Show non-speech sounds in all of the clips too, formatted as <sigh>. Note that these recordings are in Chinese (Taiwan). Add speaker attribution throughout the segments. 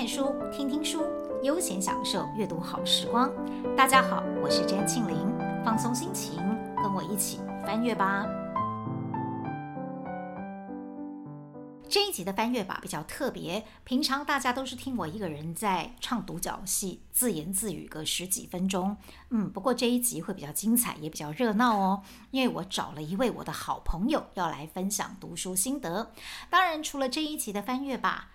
Speaker 1: 看書，聽聽書，悠閒享受閱讀好時光。大家好，我是詹慶林，放鬆心情，跟我一起翻閱吧。這一集的翻閱吧比較特別，平常大家都是聽我一個人在唱獨角戲，自言自語個十幾分鐘。嗯，不過這一集會比較精彩，也比較熱鬧哦，因為我找了一位我的好朋友要來分享讀書心得。當然，除了這一集的翻閱吧。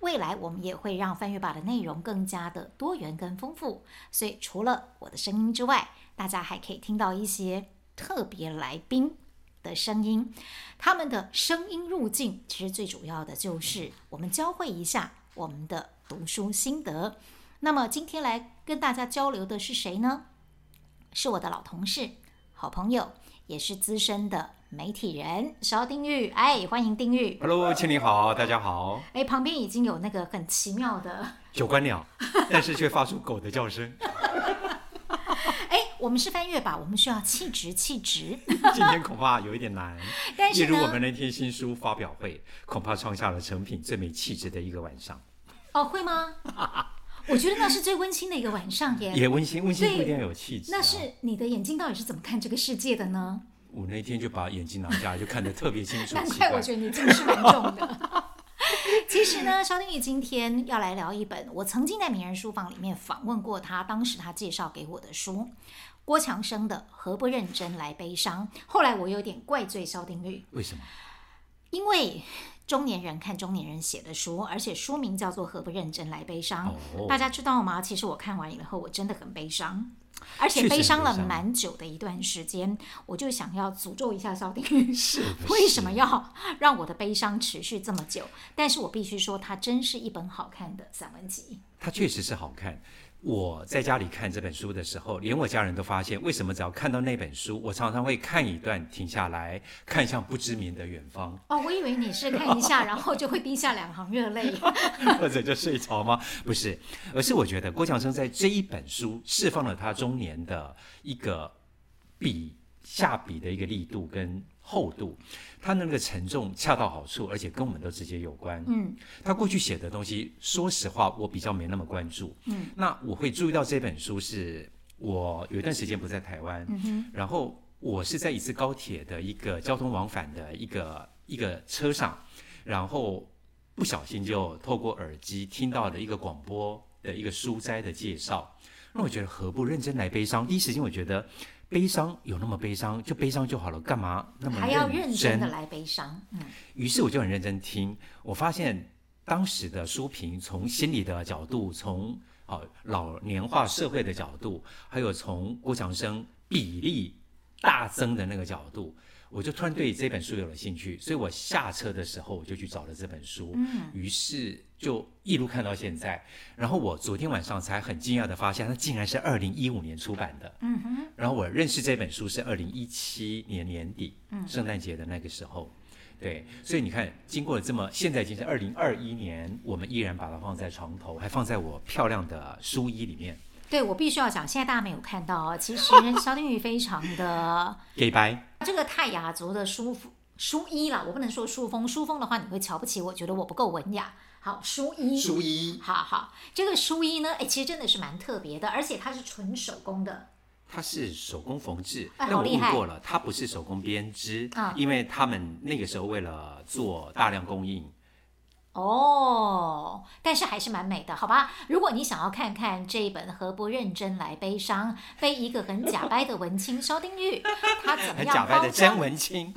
Speaker 1: 未來我們也會讓翻閱 BAR 的內容更加的多元、跟豐富。所以除了我的聲音之外，大家還可以聽到一些特別來賓的聲音。他們的聲音入境，其實最主要的就是我們交換一下我們的讀書心得。那麼今天來跟大家交流的是誰呢？是我的老同事、好朋友，也是資深的。媒體人，蕭丁毓。哎，歡迎丁毓。Hello，親
Speaker 2: 你好，大家好。
Speaker 1: 哎，旁邊已經有那個很奇妙的
Speaker 2: 九官鳥，但是卻發出狗的叫聲。
Speaker 1: <laughs> <laughs> 哎，我們是翻閱 BAR，我們需要氣質，氣質。 <laughs> 今天
Speaker 2: 恐怕有一點難。但是例如我們那天新書發表會，恐怕創下了成品最美氣質的一個晚上。
Speaker 1: 哦，會嗎？ <laughs> 我覺得那是最溫馨的一個晚上耶，也也溫
Speaker 2: 馨，溫馨不一定要有氣質、啊。那
Speaker 1: 是你的眼睛到底是怎麼看這個世界的呢？
Speaker 2: 我那天就把眼鏡拿下來，就看得特別清楚。但 <laughs> 是我覺得你近視
Speaker 1: 蠻重的。 <laughs> 其實呢，蕭丁毓今天要來聊一本我曾經在名人書房裡面訪問過他，當時他介紹給我的書——郭強生的《何不認真來悲傷》。後來我有點怪罪蕭丁毓，為什麼？因為。中年人看中年人寫的書，而且書名叫做《何不認真來悲傷》，oh, 大家知道嗎？其實我看完以後，我真的很悲傷，而且悲傷了蠻久的一段時間。我就想要詛咒一下蕭丁毓，為什麼要讓我的悲傷持續這麼久？但是我必須說，它真是一本好看的散文集，
Speaker 2: 它確實是好看。嗯我在家裡看這本書的時候，連我家人都發現，為什麼只要看到那本書，我常常會看一段停下來看向不知名的遠方。
Speaker 1: 哦，我以為你是看一下， <laughs> 然後就會滴下兩行熱淚，
Speaker 2: <laughs> 或者就睡着嗎？不是，而是我覺得郭強生在這一本書釋放了他中年的一個筆下筆的一個力度跟。厚度，它那個沉重恰到好處，而且跟我們都直接有關。嗯，他過去寫的東西，說實話，我比較沒那麼關注。嗯，那我會注意到這本書是，是我有一段時間不在台灣、嗯哼，然後我是在一次高鐵的一個交通往返的一個一個車上，然後不小心就透過耳機聽到了一個廣播的一個書齋的介紹，那我覺得何不認真來悲傷。嗯、第一時間我覺得。悲傷有那麼悲傷，就悲傷就好了，幹嘛那麼認真？還要認真的來
Speaker 1: 悲傷，嗯。
Speaker 2: 於是我就很認真聽，我發現當時的書評從心理的角度，從老年化社會的角度，還有從郭強生比例大增的那個角度，我就突然對這本書有了興趣。所以我下車的時候，我就去找了這本書。嗯。於是。就一路看到現在，然後我昨天晚上才很驚訝的發現，它竟然是二零一五年出版的。嗯哼。然後我認識這本書是二零一七年年底，嗯，聖誕節的那個時候。對，所以你看，經過了這麼，現在已經是二零二一年，我們依然把它放在床頭，還放在我漂亮的書衣裡面。
Speaker 1: 對，我必須要講，現在大家沒有看到哦，其實蕭丁毓非常的給白、 <laughs> okay, 這個泰雅族的書。書衣啦，我不能說書封，書封的話你會瞧不起我，覺得我不夠文雅。好，書衣，書衣，好好，這個書衣呢，哎、欸，其實真的是蠻特別的，而且它是純手工的，
Speaker 2: 它是手工縫製，但我問過了，它不是手工編織，啊，因為他們那個時候為了做大量供應。
Speaker 1: 哦，但是還是蠻美的，好吧？如果你想要看看這一本何不認真來悲傷，被一個很假掰的文青蕭 <laughs> 丁毓，他怎麼樣包裝假掰的真文青，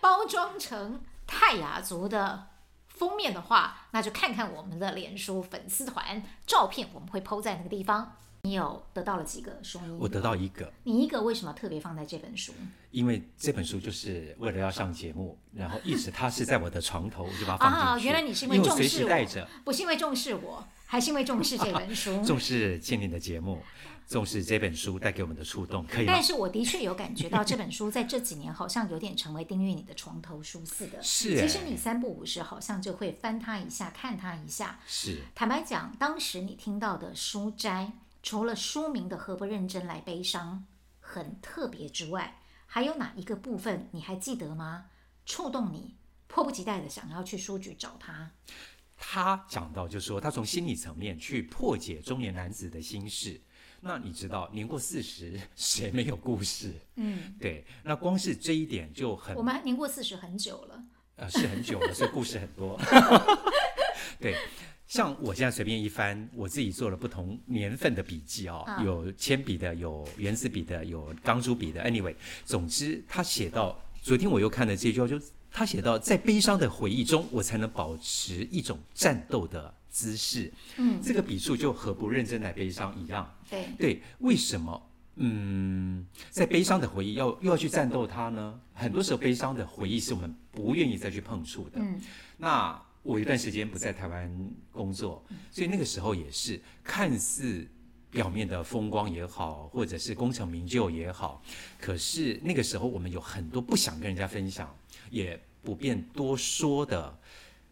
Speaker 1: 包裝成泰雅族的封面的話，那就看看我們的臉書粉絲團照片，我們會 po 在那個地方。你有得到了幾個書？我得到一個。你一個為什麼特別放在這本書？
Speaker 2: 因為這本書就是為了要上節目，然後一直它是在我的床頭，我 <laughs> 就把它放進去、啊、原來
Speaker 1: 你是因為重視我，因為我隨時帶著，不是因為重視我，還是因為重視這本書？ <laughs> 啊、重視
Speaker 2: 今天的節目，重視這本書帶給我們的觸動，可以嗎？但是
Speaker 1: 我的確有感覺到這本書在這幾年好像有點成為訂閱你的床頭書似的。 <laughs> 是、欸，其實你三不五時好像就會翻它一下，看它一下。是。坦白講，當時你聽到的書摘。除了書名的何不認真來悲傷很特別之外，還有哪一個部分你還記得嗎？觸動你，迫不及待的想要去書局找他。
Speaker 2: 他講到就，就說他從心理層面去破解中年男子的心事。那你知道，年過四十，誰沒有故事？嗯，對。那光是這一點就很，我們
Speaker 1: 還年過四十很久了，呃，是很久了，所以故事很多。 <laughs> <laughs> 對。
Speaker 2: 像我現在隨便一翻，我自己做了不同年份的筆記哦，uh. 有鉛筆的，有原子筆的，有鋼珠筆的。Anyway，總之他寫到，昨天我又看了這句話，就他寫到，在悲傷的回憶中，我才能保持一種戰鬥的姿勢。嗯，這個筆觸就和不認真來悲傷一樣。對，對，為什麼？嗯，在悲傷的回憶要又要去戰鬥它呢？很多時候，悲傷的回憶是我們不願意再去碰觸的。嗯，那。我一段時間不在台灣工作，嗯，所以那個時候也是看似表面的風光也好，或者是功成名就也好，可是那個時候我們有很多不想跟人家分享，也不便多說的，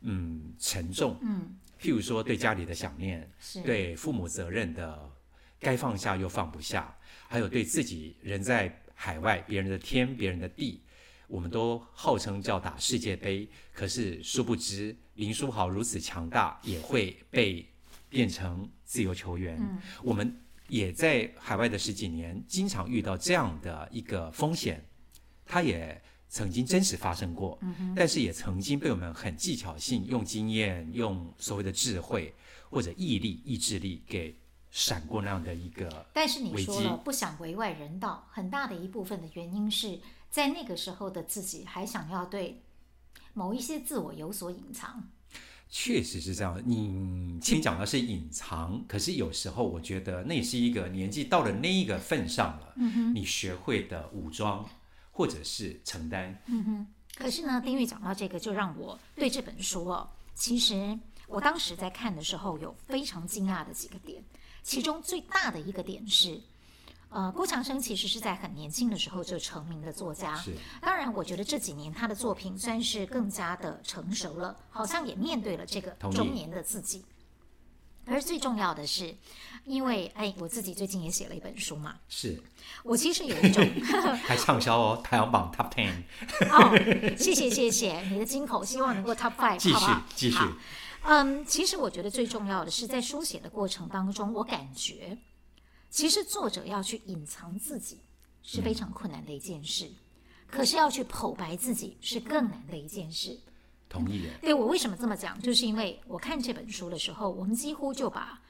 Speaker 2: 嗯，沉重，嗯，譬如說對家裡的想念，是對父母責任的該放下又放不下，還有對自己人在海外，別人的天，別人的地，我們都號稱叫打世界杯，可是殊不知。林書豪如此強大，也會被變成自由球員。嗯。我們也在海外的十幾年，經常遇到這樣的一個風險，它也曾經真實發生過。嗯。但是也曾經被我們很技巧性用經驗、用所謂的智慧或者毅力、意志力給閃過那樣的一個。但是你說了
Speaker 1: 不想為外人道，很大的一部分的原因是在那個時候的自己還想要對。某一些自我有所隱藏，
Speaker 2: 確實是這樣。你聽講的是隱藏，可是有時候我覺得那也是一個年紀到了那一個份上
Speaker 1: 了，嗯，你
Speaker 2: 學會的武裝或者是承擔。嗯、
Speaker 1: 可是呢，丁毓講到這個，就讓我對這本書哦，其實我當時在看的時候有非常驚訝的幾個點，其中最大的一個點是。呃，郭強生其實是在很年輕的時候就成名的作家。是。當然，我覺得這幾年他的作品算是更加的成熟了，好像也面對了這個中年的自己。同意。而最重要的是，因為哎，我自己最近也寫了一本書嘛。是。我其實有一種 <laughs>
Speaker 2: 還暢銷哦， <laughs> 排行榜 Top Ten。 <laughs> 哦，
Speaker 1: 謝謝謝謝 <laughs> 你的金口，希望能夠 Top Five。繼續繼續。嗯，其實我覺得最重要的是在書寫的過程當中，我感覺。其實作者要去隱藏自己是非常困難的一件事，嗯，可是要去剖白自己是更難的一件事。同意。對，我為什麼這麼講，就是因為我看這本書的時候，我們幾乎就把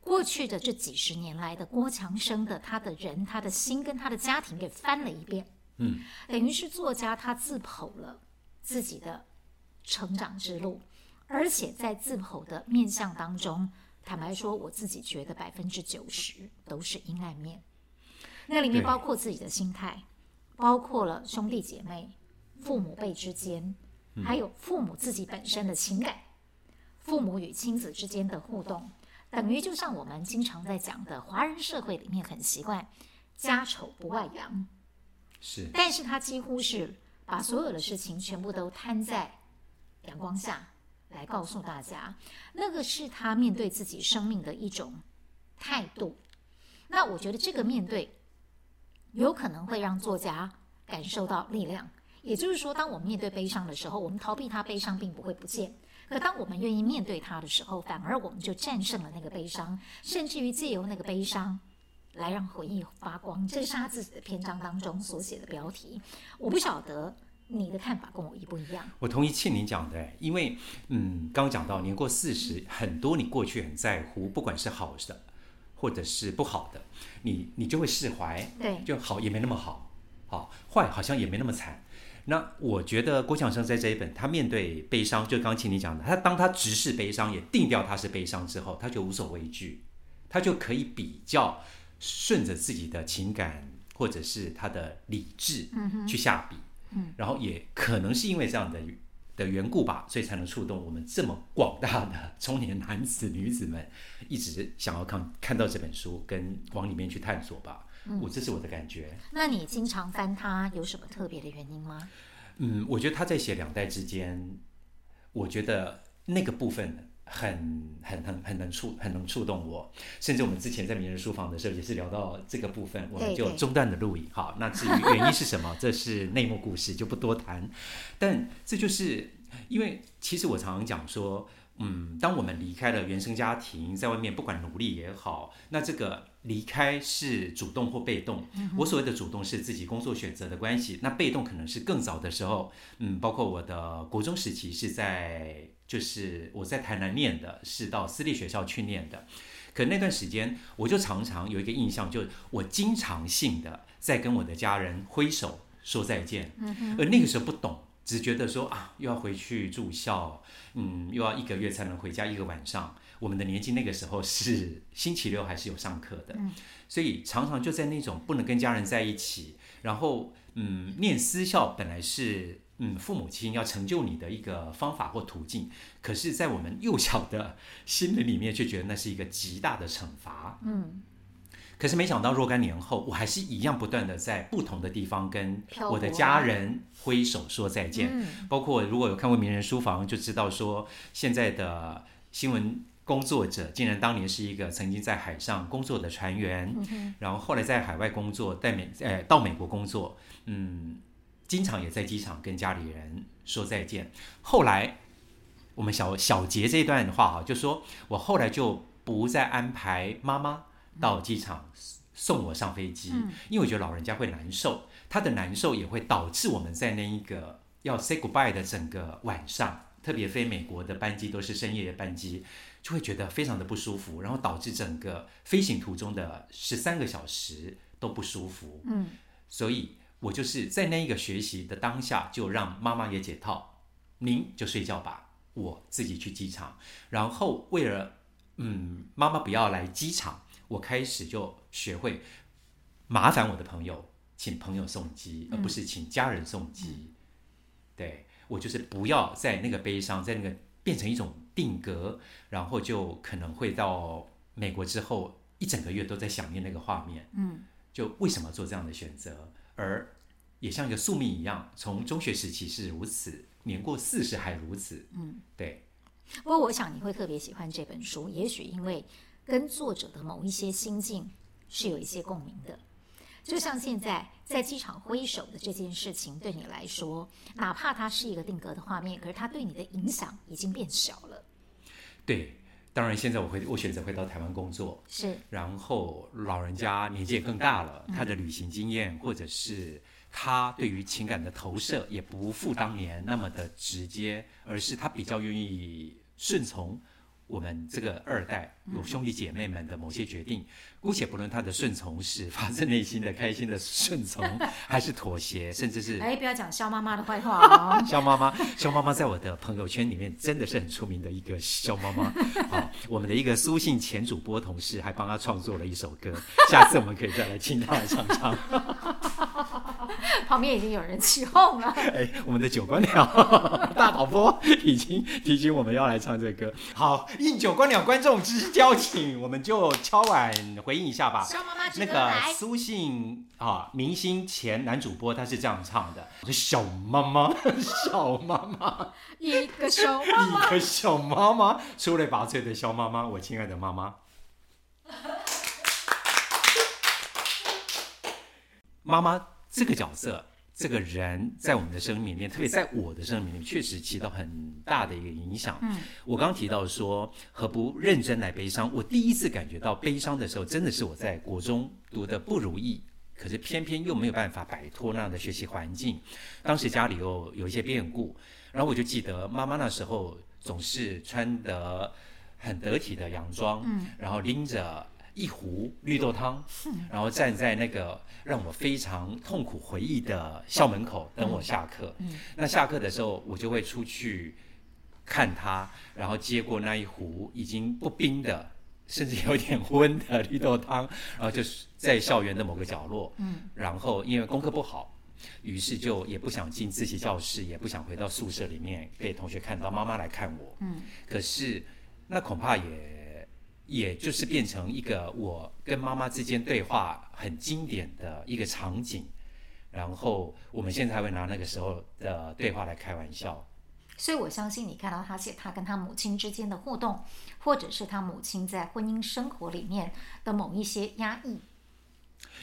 Speaker 1: 過去的這幾十年來的郭強生的他的人、他的心跟他的家庭給翻了一遍。嗯，等於是作家他自剖了自己的成長之路，而且在自剖的面向當中。坦白說，我自己覺得百分之九十都是陰暗面。那裡面包括自己的心態，包括了兄弟姐妹、父母輩之間，還有父母自己本身的情感、嗯，父母與親子之間的互動，等於就像我們經常在講的，華人社會裡面很習慣“家醜不外揚”。
Speaker 2: 是，
Speaker 1: 但是他幾乎是把所有的事情全部都攤在陽光下。來告訴大家，那個是他面對自己生命的一種態度。那我覺得這個面對，有可能會讓作家感受到力量。也就是說，當我們面對悲傷的時候，我們逃避他，悲傷並不會不見；可當我們願意面對他的時候，反而我們就戰勝了那個悲傷，甚至於借由那個悲傷來讓回憶發光。這是他自己的篇章當中所寫的標題。我不曉得。你的看法跟我一不一樣？
Speaker 2: 我同意慶林講的，因為嗯，剛剛講到年過四十，嗯，很多你過去很在乎，不管是好的，或者是不好的，你你就會釋懷，對，就好也沒那麼好，好壞好像也沒那麼慘。那我覺得郭強生在這一本，他面對悲傷，就剛剛慶林講的，他當他直視悲傷，也定掉他是悲傷之後，他就無所畏懼，他就可以比較順着自己的情感，或者是他的理智，嗯，去下筆。嗯嗯，然後也可能是因為這樣的的緣故吧，所以才能觸動我們這麼廣大的中年男子女子們，一直想要看看到這本書，跟往裡面去探索吧。嗯，我這是我的感覺。
Speaker 1: 那你經常翻它，有什麼特別的原因嗎？
Speaker 2: 嗯，我覺得他在寫兩代之間，我覺得那個部分。很很很很能觸很能觸動我，甚至我們之前在名人書房的時候也是聊到這個部分，我們就中斷的錄影。好，那至於原因是什麼， <laughs> 這是內幕故事，就不多談。但這就是因為，其實我常常講說，嗯，當我們離開了原生家庭，在外面不管努力也好，那這個離開是主動或被動。嗯、我所謂的主動是自己工作選擇的關係，那被動可能是更早的時候，嗯，包括我的國中時期是在。就是我在台南念的，是到私立學校去念的。可那段時間，我就常常有一個印象，就是我經常性的在跟我的家人揮手說再見。嗯嗯。而那個時候不懂，只覺得說啊，又要回去住校，嗯，又要一個月才能回家一個晚上。我們的年紀那個時候是星期六還是有上課的，所以常常就在那種不能跟家人在一起，然後嗯，念私校本來是。嗯，父母親要成就你的一個方法或途徑，可是，在我們幼小的心靈裡面，卻覺得那是一個極大的懲罰。嗯，可是沒想到若干年後，我還是一樣不斷地在不同的地方跟我的家人揮手說再見。啊嗯、包括如果有看過《名人書房》，就知道說現在的新聞工作者，竟然當年是一個曾經在海上工作的船員，嗯、然後後來在海外工作，在美、呃，到美國工作，嗯。經常也在機場跟家裡人說再見。後來，我們小小結這一段話哈，就說，我後來就不再安排媽媽到機場送我上飛機，嗯，因為我覺得老人家會難受，他的難受也會導致我們在那一個要 say goodbye 的整個晚上，特別飛美國的班機都是深夜的班機，就會覺得非常的不舒服，然後導致整個飛行途中的十三個小時都不舒服。嗯，所以。我就是在那一個學習的當下，就讓媽媽也解套，您就睡覺吧，我自己去機場。然後為了，嗯，媽媽不要來機場，我開始就學會麻煩我的朋友，請朋友送機，而不是請家人送機。嗯、對我就是不要在那個悲傷，在那個變成一種定格，然後就可能會到美國之後一整個月都在想念那個畫面。嗯，就為什麼做這樣的選擇？而也像一個宿命一樣，從中學時期是如此，年過四十還如此。嗯，對。
Speaker 1: 不過我想你會特別喜歡這本書，也許因為跟作者的某一些心境是有一些共鳴的。就像現在在機場揮手的這件事情，對你來說，哪怕它是一個定格的畫面，可是它對你的影響已經變小了。
Speaker 2: 對。當然，現在我會我選擇回到台灣工作，是。然後老人家年紀也更大了，他的旅行經驗或者是他對於情感的投射也不復當年那麼的直接，而是他比較願意順從。我們這個二代有兄弟姐妹們的某些決定，嗯、姑且不論他的順從是發自內心的開心的順從，還是妥協， <laughs> 甚至是、欸……哎，
Speaker 1: 不要講蕭媽媽的壞話啊、哦！蕭
Speaker 2: 媽媽，蕭媽媽在我的朋友圈裡面真的是很出名的一個蕭媽媽，我們的一個蘇姓前主播同事還幫他創作了一首歌，下次我們可以再來請他唱唱。 <laughs>
Speaker 1: 旁邊已經有人起哄了、
Speaker 2: 欸。哎，我們的九官鳥 <laughs> <laughs> 大導播已經提醒我們要來唱這歌。好，應九官鳥觀眾之邀請，我們就敲碗回應一下吧。媽媽那個蘇信啊，明星前男主播，他是這樣唱的：我小媽媽，小媽媽 <laughs> ，
Speaker 1: 一個小媽媽，一個
Speaker 2: 小媽媽，出類拔萃的小媽媽，我親愛的媽媽，媽 <laughs> 媽。這個角色，這個人，在我們的生命裡面，特別在我的生命裡面，確實起到很大的一個影響。嗯，我剛提到說，何不認真來悲傷？我第一次感覺到悲傷的時候，真的是我在國中讀得不如意，可是偏偏又沒有辦法擺脫那樣的學習環境。當時家裡又有一些變故，然後我就記得媽媽那時候總是穿得很得體的洋裝，嗯，然後拎着。一壺綠豆湯，然後站在那個讓我非常痛苦回憶的校門口等我下課，嗯嗯。那下課的時候我就會出去看他，然後接過那一壺已經不冰的，甚至有點溫的綠豆湯，然後就是在校園的某個角落。嗯。然後因為功課不好，於是就也不想進自習教室，也不想回到宿舍裡面被同學看到媽媽來看我。嗯，可是那恐怕也。也就是變成一個我跟媽媽之間對話很經典的一個場景，然後我們現在還會拿那個時候的對話來開玩笑。
Speaker 1: 所以，我相信你看到他寫他跟他母親之間的互動，或者是他母親在婚姻生活裡面的某一些壓抑。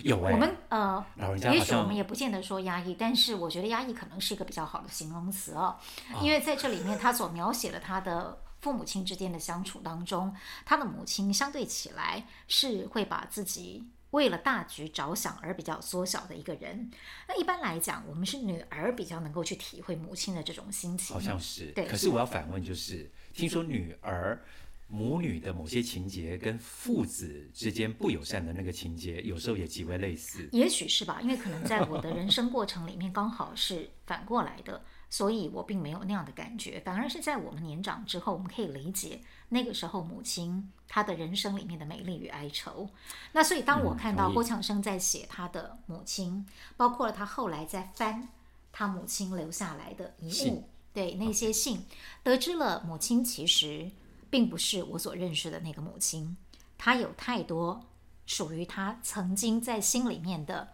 Speaker 1: 有、欸、我們、呃，老人家也許我們也不見得說壓抑，但是我覺得壓抑可能是一個比較好的形容詞哦、啊，因為在這裡面他所描寫了他的。父母親之間的相處當中，她的母親相對起來是會把自己為了大局着想而比較縮小的一個人。那一般來講，我們是女兒比較能夠去體會母親的這種心情，好像是。對，可是我要
Speaker 2: 反問，就是聽說女兒母女的某些情節跟父子之間不友善的那個情節，有時候也極為類似。
Speaker 1: 也許是吧，因為可能在我的人生過程裡面，剛好是反過來的。 <laughs> 所以我並沒有那樣的感覺，反而是在我們年長之後，我們可以理解那個時候母親她的人生裡面的美麗與哀愁。那所以當我看到郭強生在寫他的母親，嗯、包括了他後來在翻他母親留下來的遺物，信，對那些信，Okay. 得知了母親其實並不是我所認識的那個母親，她有太多屬於她曾經在心裡面的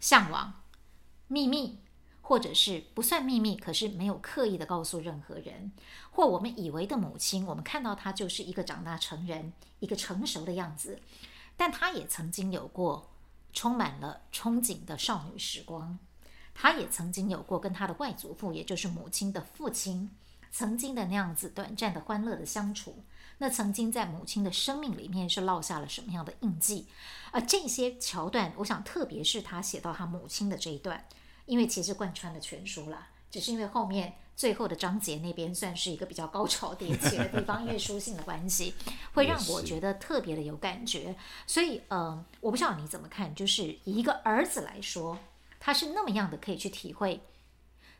Speaker 1: 嚮往秘密。或者是不算秘密，可是沒有刻意的告訴任何人。或我們以為的母親，我們看到她就是一個長大成人、一個成熟的樣子，但她也曾經有過充滿了憧憬的少女時光。她也曾經有過跟她的外祖父，也就是母親的父親，曾經的那樣子短暫的歡樂的相處。那曾經在母親的生命裡面是烙下了什麼樣的印記？而這些橋段，我想，特別是她寫到她母親的這一段。因為其實貫穿了全書啦，只是因為後面最後的章節那邊算是一個比較高潮迭起的地方，因 <laughs> 為書信的關係，會讓我覺得特別的有感覺。所以，嗯、呃，我不知道你怎麼看，就是以一個兒子來說，他是那麼樣的可以去體會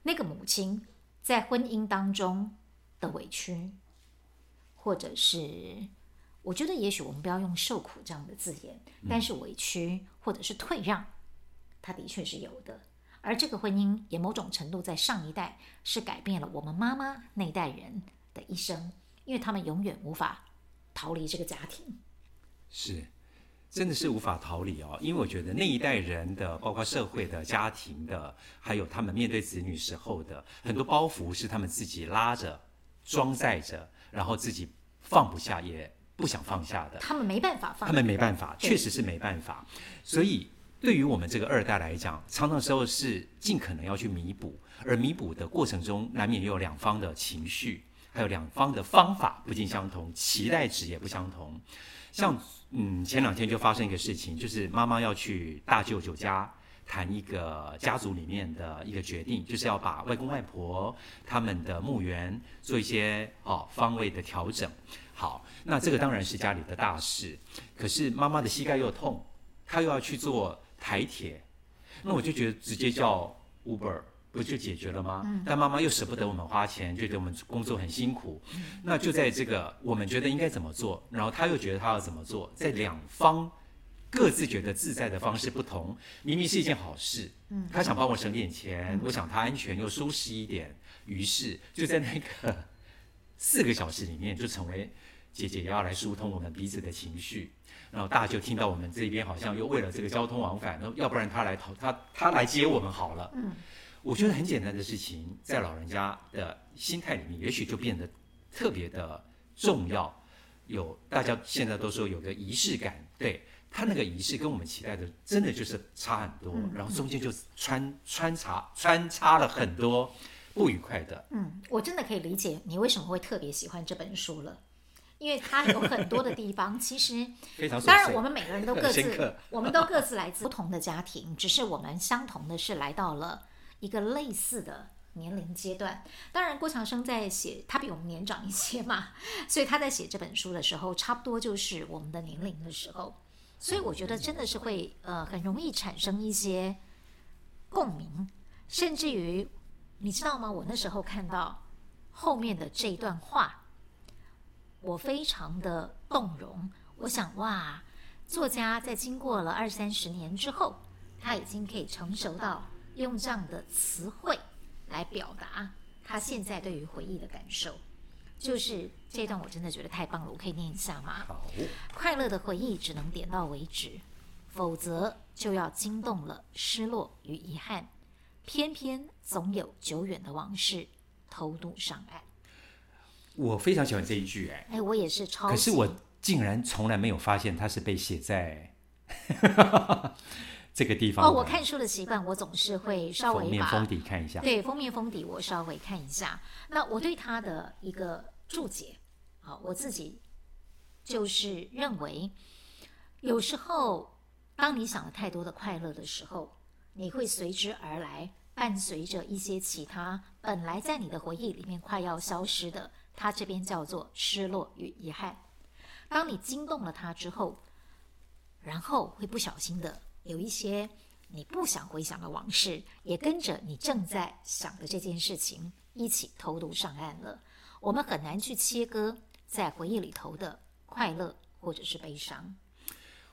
Speaker 1: 那個母親在婚姻當中的委屈，或者是我覺得也許我們不要用“受苦”這樣的字眼，嗯、但是委屈或者是退讓，他的確是有的。而這個婚姻也某種程度在上一代是改變了我們媽媽那一代人的一生，因為他們永遠無法逃離這個家庭。
Speaker 2: 是，真的是無法逃離哦。因為我覺得那一代人的，包括社會的、家庭的，還有他們面對子女時候的很多包袱，是他們自己拉着、裝載着，然後自己放不下，也不想放下的。他
Speaker 1: 們沒辦法放，他們沒辦法，確實
Speaker 2: 是沒辦法。所以。對於我們這個二代來講，常常時候是盡可能要去彌補，而彌補的過程中，難免也有兩方的情緒，還有兩方的方法不盡相同，期待值也不相同。像嗯，前兩天就發生一個事情，就是媽媽要去大舅舅家談一個家族裡面的一個決定，就是要把外公外婆他們的墓園做一些哦方位的調整。好，那這個當然是家裡的大事，可是媽媽的膝蓋又痛，她又要去做。台鐵，那我就覺得直接叫 Uber 不就解決了嗎？嗯、但媽媽又捨不得我們花錢，就覺得我們工作很辛苦。嗯、那就在這個我們覺得應該怎麼做，然後她又覺得她要怎麼做，在兩方各自覺得自在的方式不同，明明是一件好事。嗯、她想幫我省點錢，嗯、我想她安全又舒適一點。於是就在那個四個小時裡面，就成為姐姐要來疏通我們彼此的情緒。然後大家就聽到我們這邊好像又為了這個交通往返，那要不然他來他他來接我們好了。嗯，我覺得很簡單的事情，在老人家的心態裡面，也許就變得特別的重要。有大家現在都說有個儀式感，對，他那個儀式跟我們期待的真的就是差很多，嗯，然後中間就穿穿插穿插了很多不愉快的。嗯，
Speaker 1: 我真的可以理解你為什麼會特別喜歡這本書了。 <laughs> 因為他有很多的地方， <laughs> 其實非常深刻。當然，我們每個人都各自， <laughs> 我們都各自來自不同的家庭， <laughs> 只是我們相同的是來到了一個類似的年齡階段。當然，郭強生在寫，他比我們年長一些嘛，所以他在寫這本書的時候，差不多就是我們的年齡的時候。所以我覺得真的是會呃很容易產生一些共鳴，甚至於你知道嗎？我那時候看到後面的這一段話。我非常的動容，我想哇，作家在經過了二三十年之後，他已經可以成熟到用這樣的詞彙來表達他現在對於回憶的感受。就是這段我真的覺得太棒了，我可以念一下嗎？好，快樂的回憶只能點到為止，否則就要驚動了失落與遺憾。偏偏總有久遠的往事偷渡上岸。
Speaker 2: 我非常喜歡這一句，欸，
Speaker 1: 哎，我也是超喜歡。可是我
Speaker 2: 竟然從來沒有發現它是被寫在 <laughs> 這個地方。哦，我
Speaker 1: 看書的習慣，我總是會稍微封面封底看一下。對，封面封底我稍微看一下。那我對他的一個注解，好，我自己就是認為，有時候當你想了太多的快樂的時候，你會隨之而來，伴隨着一些其他本來在你的回憶裡面快要消失的。他這邊叫做失落與遺憾。當你驚動了他之後，然後會不小心的有一些你不想回想的往事，也跟着你正在想的這件事情一起偷渡上岸了。我們很難去切割在回憶裡頭的快樂或者是悲傷。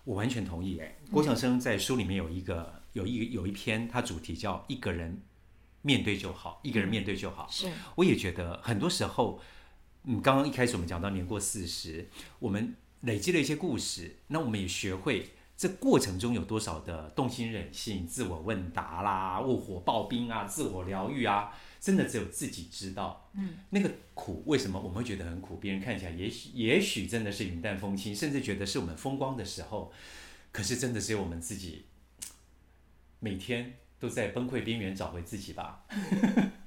Speaker 2: 我完全同意。郭強生在書裡面有一個有一個有一篇，他主題叫“一個人面對就好”，一個人面對就好。是，我也覺得很多時候。嗯，剛剛一開始我們講到年過四十，我們累積了一些故事，那我們也學會這過程中有多少的動心忍性、自我問答啦、臥火抱冰啊、自我療癒啊，真的只有自己知道。嗯，那個苦為什麼我們會覺得很苦？別人看起來也許也許真的是雲淡風輕，甚至覺得是我們風光的時候，可是真的只有我們自己每天都在崩潰邊緣找回自己吧。 <laughs>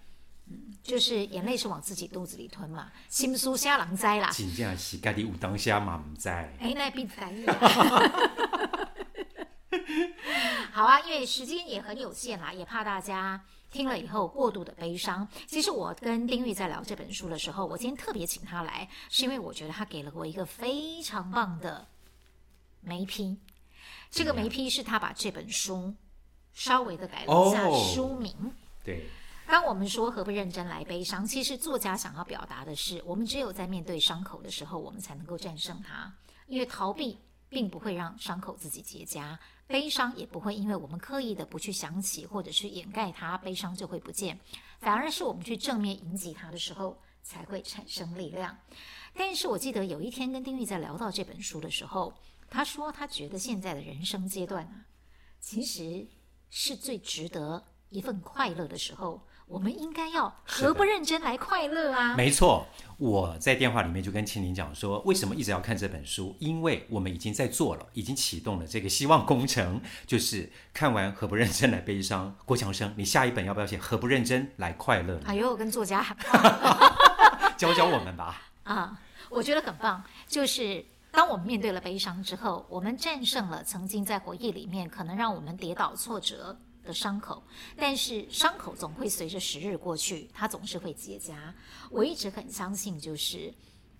Speaker 1: 嗯、就是眼淚是往自己肚子裡吞嘛，心事啥人知
Speaker 2: 啦。哎，
Speaker 1: 那 <laughs> <laughs> 好啊，因為時間也很有限啦，也怕大家聽了以後過度的悲傷。其實我跟丁毓在聊這本書的時候，我今天特別請他來，是因為我覺得他給了我一個非常棒的眉批。這個眉批是他把這本書稍微的改了一下書名。哦、對。當我們說何不認真來悲傷，其實作家想要表達的是，我們只有在面對傷口的時候，我們才能夠戰勝它。因為逃避並不會讓傷口自己結痂，悲傷也不會因為我們刻意的不去想起或者去掩蓋它，悲傷就會不見。反而是我們去正面迎擊它的時候，才會產生力量。但是我記得有一天跟丁毓在聊到這本書的時候，他說他覺得現在的人生階段啊，其實是最值得一份快樂的時候。我們應該要何不認真來快樂啊？沒
Speaker 2: 錯，我在電話裡面就跟青林講說，為什麼一直要看這本書？因為我們已經在做了，已經啟動了這個希望工程，就是看完何不認真來悲傷，郭強生，你下一本要不要寫何不認真來快樂？
Speaker 1: 哎呦，跟作家 <laughs>
Speaker 2: <laughs> 教教我們吧！
Speaker 1: 啊、uh,，我覺得很棒，就是當我們面對了悲傷之後，我們戰勝了曾經在回憶裡面可能讓我們跌倒挫折。的傷口，但是傷口總會隨着時日過去，它總是會結痂。我一直很相信，就是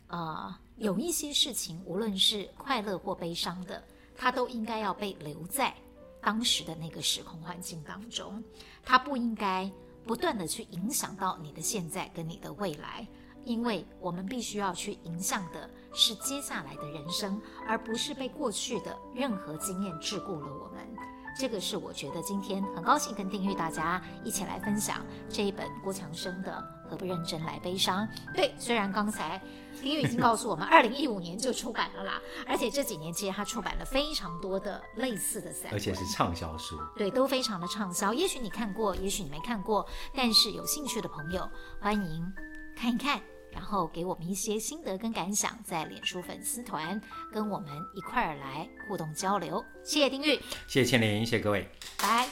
Speaker 1: 呃，有一些事情，無論是快樂或悲傷的，它都應該要被留在當時的那個時空環境當中，它不應該不斷的去影響到你的現在跟你的未來，因為我們必須要去影響的是接下來的人生，而不是被過去的任何經驗桎梏了我們。這個是我覺得今天很高興跟丁毓大家一起來分享這一本郭強生的《何不認真來悲傷》。對，雖然剛才丁毓已經告訴我們，二零一五年就出版了啦， <laughs> 而且這幾年其實他出版了非常多的類似的散文，而且是
Speaker 2: 暢銷書，
Speaker 1: 對，都非常的暢銷。也許你看過，也許你沒看過，但是有興趣的朋友歡迎看一看。然後給我們一些心得跟感想，在臉書粉絲團跟我們一塊兒來互動交流。謝謝丁毓，
Speaker 2: 謝謝千林，謝謝各位，
Speaker 1: 拜。